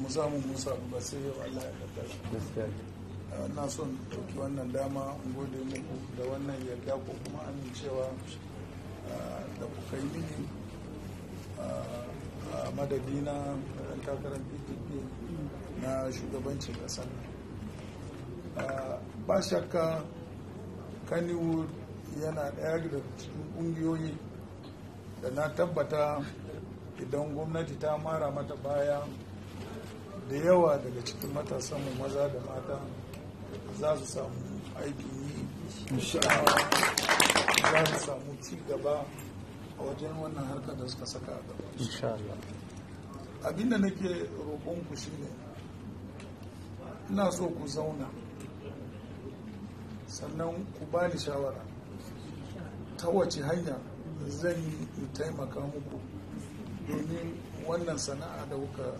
mu samu musa ba sai yau Allah ya kaddara na son ɗauki wannan dama in gode muku da wannan yarda ko kuma amincewa ah, da kuka yi mini ah, a madadi na takarar pdp na shugabancin ƙasar ah, ba shakka yana ɗaya da cikin ƙungiyoyi da na tabbata idan gwamnati ta mara mata baya da yawa daga cikin matasan mu maza da mata za su samu aikin yi za su samu ci gaba a wajen wannan harkar da suka saka a gaba abinda nake roƙonku shine ina so ku zauna sannan ku ba ni shawara ta wace hanya zan yi taimaka muku domin wannan sana'a da kuka